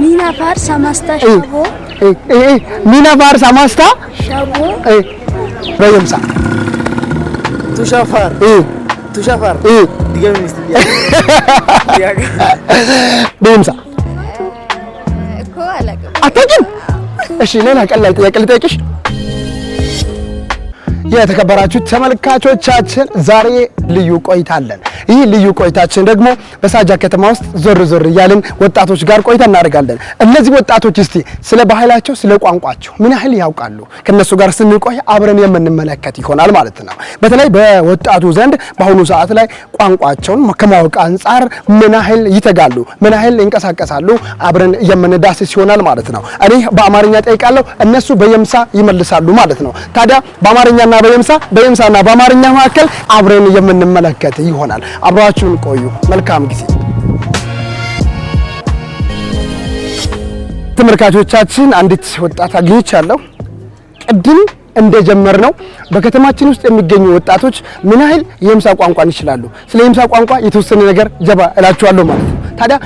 ሚናፋር ሰማስታ ሸቦ ሚናፋር ሰማስታ ሸቦ ቱሻፋር ቱሻፋር በየምሳ አታውቂም? እሺ ነና ቀላል ጥያቄ ልጠይቅሽ። የተከበራችሁ ተመልካቾቻችን ዛሬ ልዩ ቆይታ አለን። ይህ ልዩ ቆይታችን ደግሞ በሳጃ ከተማ ውስጥ ዞር ዞር እያልን ወጣቶች ጋር ቆይታ እናደርጋለን። እነዚህ ወጣቶች እስቲ ስለ ባህላቸው፣ ስለ ቋንቋቸው ምን ያህል ያውቃሉ? ከነሱ ጋር ስንቆይ አብረን የምንመለከት ይሆናል ማለት ነው። በተለይ በወጣቱ ዘንድ በአሁኑ ሰዓት ላይ ቋንቋቸውን ከማወቅ አንጻር ምን ያህል ይተጋሉ፣ ምን ያህል ይንቀሳቀሳሉ አብረን የምንዳስስ ይሆናል ማለት ነው። እኔ በአማርኛ ጠይቃለሁ፣ እነሱ በየምሳ ይመልሳሉ ማለት ነው። ታዲያ በአማርኛና በየምሳ በየምሳና በአማርኛ መካከል አብረን የምንመለከት ይሆናል። አብራችሁን ቆዩ። መልካም ጊዜ ተመልካቾቻችን። አንዲት ወጣት አግኝቻለሁ ቅድም እንደጀመር ነው በከተማችን ውስጥ የሚገኙ ወጣቶች ምን ያህል የምሳ ቋንቋን ይችላሉ። ስለ የምሳ ቋንቋ የተወሰነ ነገር ጀባ እላችኋለሁ ማለት ነው። ታዲያ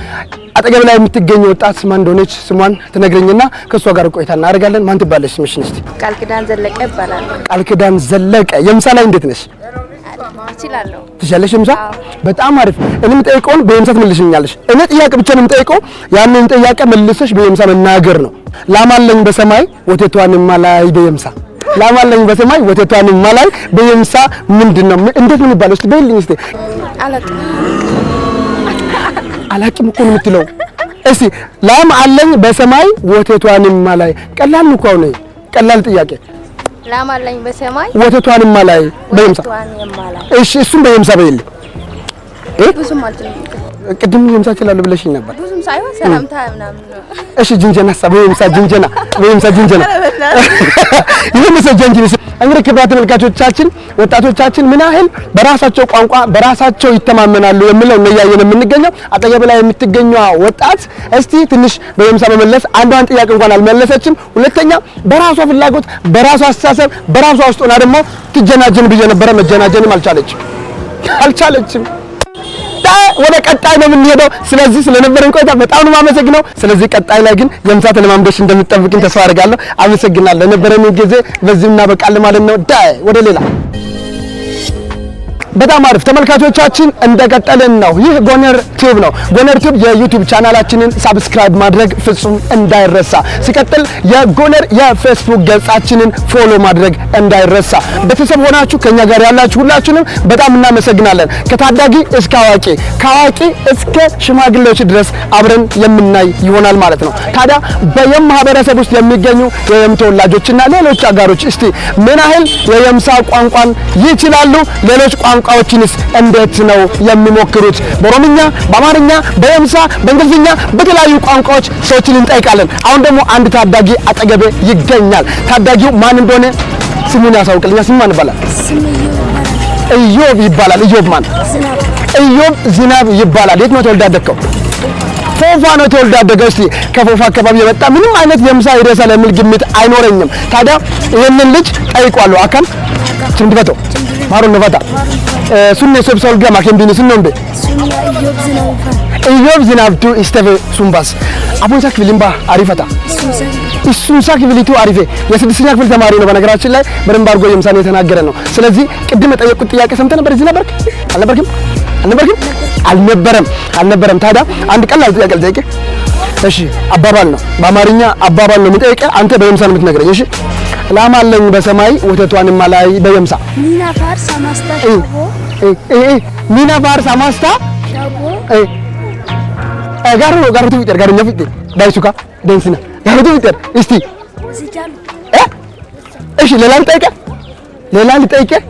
አጠገብ ላይ የምትገኘው ወጣት ማን እንደሆነች ስሟን ትነግረኝና ከእሷ ጋር ቆይታ እናደርጋለን። ማን ትባለች ስምሽ ንስቲ ቃል ኪዳን ዘለቀ ይባላል። ቃል ኪዳን ዘለቀ የምሳ ላይ እንዴት ነሽ? እችላለሁ። ትችላለሽ? ምሳ በጣም አሪፍ። እኔ የምጠይቀውን በየምሳ ትመልሽልኛለሽ። እኔ ጥያቄ ብቻ ነው የምጠይቀው። ያንን ጥያቄ መልሰሽ በየምሳ መናገር ነው። ላም በሰማይ ወተቷንማ ላይ በየምሳ ላም በሰማይ ወተቷንማ ላይ በየምሳ ምንድን ነው? እንዴት ነው የሚባለው? እስቲ በይልኝ። እስቲ አላቅም እኮ ነው የምትለው። እስቲ ላም አለኝ በሰማይ ወተቷንማ ላይ ቀላል ነው እኮ አሁን ቀላል ጥያቄ ላም አለኝ በሰማይ ወተቷን ማላይ በየምሳ እሺ፣ እሱም በየምሳ በይል ቅድም የምሳ እችላለሁ ብለሽኝ ነበር። እሺ፣ ጅንጀና በየምሳ ጅንጀና በየምሳ ጅንጀና ይሄ ነው ሰጀንጂ እንግዲህ ክብራት ተመልካቾቻችን ወጣቶቻችን ምን ያህል በራሳቸው ቋንቋ በራሳቸው ይተማመናሉ የሚለው ነው እያየን የምንገኘው። አጠገብ ላይ የምትገኘዋ ወጣት እስቲ ትንሽ በየምሳ መመለስ አንዷን ጥያቄ እንኳን አልመለሰችም። ሁለተኛ በራሷ ፍላጎት በራሷ አስተሳሰብ በራሷ ውስጥ ሆና ደግሞ ትጀናጀን ብዬ ነበረ መጀናጀንም አልቻለችም አልቻለችም። ቀጣይ ወደ ቀጣይ ነው የምንሄደው። ስለዚህ ስለነበረን ቆይታ በጣም ነው የማመሰግነው። ስለዚህ ቀጣይ ላይ ግን የምሳ ተለማምደሽ እንደምትጠብቅኝ ተስፋ አድርጋለሁ። አመሰግናለሁ። ለነበረን ጊዜ በዚህ እናበቃለን ማለት ነው። ዳይ ወደ ሌላ በጣም አሪፍ ተመልካቾቻችን፣ እንደቀጠልን ነው። ይህ ጎነር ቲዩብ ነው። ጎነር ቲዩብ የዩቲዩብ ቻናላችንን ሳብስክራይብ ማድረግ ፍጹም እንዳይረሳ። ሲቀጥል የጎነር የፌስቡክ ገጻችንን ፎሎ ማድረግ እንዳይረሳ። ቤተሰብ ሆናችሁ ከኛ ጋር ያላችሁ ሁላችሁንም በጣም እናመሰግናለን። ከታዳጊ እስከ አዋቂ፣ ከአዋቂ እስከ ሽማግሌዎች ድረስ አብረን የምናይ ይሆናል ማለት ነው። ታዲያ በየም ማህበረሰብ ውስጥ የሚገኙ የየም ተወላጆችና ሌሎች አጋሮች እስቲ ምን ያህል የየምሳ ቋንቋን ይችላሉ? ሌሎች ቋንቋ ቋንቋዎችንስ እንዴት ነው የሚሞክሩት? በኦሮምኛ፣ በአማርኛ፣ በየምሳ፣ በእንግሊዝኛ በተለያዩ ቋንቋዎች ሰዎችን እንጠይቃለን። አሁን ደግሞ አንድ ታዳጊ አጠገቤ ይገኛል። ታዳጊው ማን እንደሆነ ስሙን ያሳውቅልኛ። ስም ማን ይባላል? ኢዮብ ይባላል። ኢዮብ ማን? ኢዮብ ዝናብ ይባላል። የት ነው ተወልደ ያደግከው? ፎፋ ነው ተወልደ ያደገው። እስቲ ከፎፋ አካባቢ የመጣ ምንም አይነት የምሳ ይደርሳል የሚል ግምት አይኖረኝም። ታዲያ ይህንን ልጅ ጠይቋለሁ አካል Chindifato. Maro novata. Sunne sob solga makembini sunnombe. Iyyoob zinaaftuu istafe sunbaas. Abun isaa ክፍል እንባ አሪፈታ እሱን ሳ ክፍሊቱ አሪፌ የስድስተኛ ክፍል ተማሪ ነው። በነገራችን ላይ በደንብ አድርጎ የምሳሌ የተናገረ ነው። ስለዚህ ቅድም የጠየቁት ጥያቄ ሰምተህ ነበር። እዚህ ነበርክ አልነበርክም? አልነበርክም? አልነበረም አልነበረም። ታዲያ አንድ ቀላል ጥያቄ ልጠይቅህ። እሺ፣ አባባል ነው በአማርኛ አባባል ነው የምጠይቅህ። አንተ በምሳሌ የምትነግረኝ። እሺ ላም አለኝ በሰማይ ወተቷንም አላይ በየምሳ ሚና ፋርሳ ማስታ ጋር ጋርቱ ፍጠር ጋርኛ ፍጠር ዳይሱካ ደንስና ጋርቱ ፍጠር እስቲ እሺ፣ ሌላ ልጠይቅህ ሌላ ልጠይቅህ።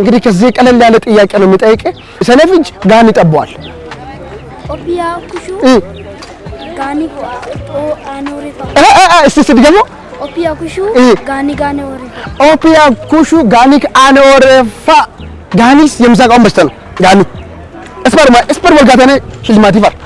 እንግዲህ ከዚህ ቀለል ያለ ጥያቄ ነው የሚጠይቅህ። ሰነፍ ጋን ይጠባዋል። ኦፒያ ኩሹ ጋኒ ኦ አኖሪ እስቲ አ Opiyaa kushuu gaanii gaanii oreeffa. Opiyaa kushuu gaanii gaanii oreeffa. Gaaniis yemsaa qaban bashtan gaanii. Isparma isparma walgaatanii shilmaatii fa'a.